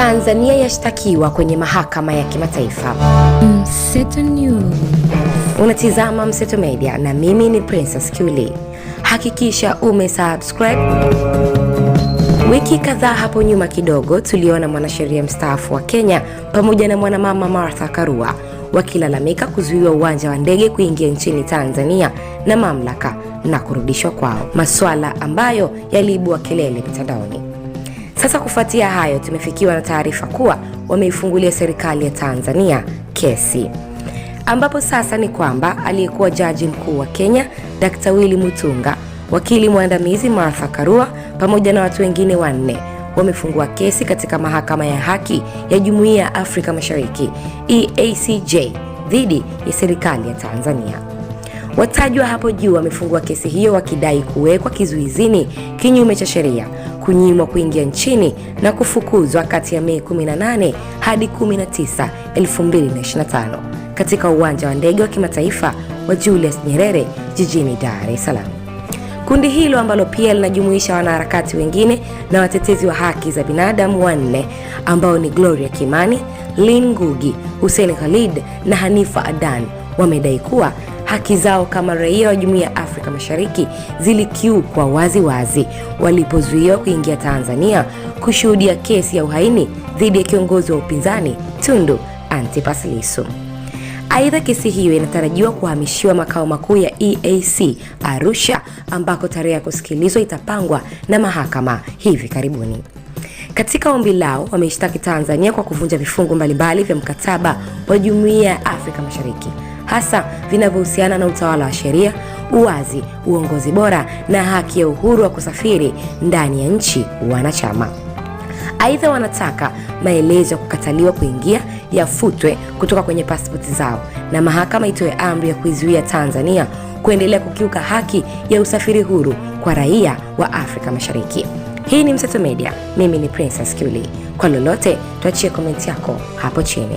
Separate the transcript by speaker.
Speaker 1: Tanzania yashtakiwa kwenye mahakama ya kimataifa.
Speaker 2: Mseto News.
Speaker 1: Unatizama Mseto Media na mimi ni Princess Kiuli. Hakikisha umesubscribe. Wiki kadhaa hapo nyuma kidogo tuliona mwanasheria mstaafu wa Kenya pamoja na mwanamama Martha Karua wakilalamika kuzuiwa uwanja wa ndege kuingia nchini Tanzania na mamlaka na kurudishwa kwao, masuala ambayo yaliibua kelele mitandaoni. Sasa kufuatia hayo, tumefikiwa na taarifa kuwa wameifungulia serikali ya Tanzania kesi ambapo sasa ni kwamba aliyekuwa jaji mkuu wa Kenya Dr. Willy Mutunga, wakili mwandamizi Martha Karua pamoja na watu wengine wanne wamefungua kesi katika mahakama ya haki ya Jumuiya ya Afrika Mashariki EACJ dhidi ya serikali ya Tanzania. Watajwa hapo juu wamefungua kesi hiyo wakidai kuwekwa kizuizini kinyume cha sheria, kunyimwa kuingia nchini na kufukuzwa kati ya Mei 18 hadi 19, 2025 katika uwanja wa ndege wa kimataifa wa Julius Nyerere jijini Dar es Salaam. Kundi hilo ambalo pia linajumuisha wanaharakati wengine na watetezi wa haki za binadamu wanne ambao ni Gloria Kimani, Lynn Ngugi, Hussein Khalid na Hanifa Adan wamedai kuwa haki zao kama raia wa Jumuiya ya Afrika Mashariki zilikiukwa waziwazi walipozuiwa kuingia Tanzania kushuhudia kesi ya uhaini dhidi ya kiongozi wa upinzani Tundu antipasilisu Aidha, kesi hiyo inatarajiwa kuhamishiwa makao makuu ya EAC Arusha, ambako tarehe ya kusikilizwa itapangwa na mahakama hivi karibuni. Katika ombi lao wameshtaki Tanzania kwa kuvunja vifungu mbalimbali vya mkataba wa Jumuiya ya Afrika Mashariki hasa vinavyohusiana na utawala wa sheria, uwazi, uongozi bora na haki ya uhuru wa kusafiri ndani ya nchi wanachama. Aidha, wanataka maelezo ya kukataliwa kuingia yafutwe kutoka kwenye pasipoti zao na mahakama itoe amri ya kuizuia Tanzania kuendelea kukiuka haki ya usafiri huru kwa raia wa Afrika Mashariki. Hii ni Mseto Media, mimi ni Princess Kiuli. Kwa lolote tuachie komenti yako hapo chini.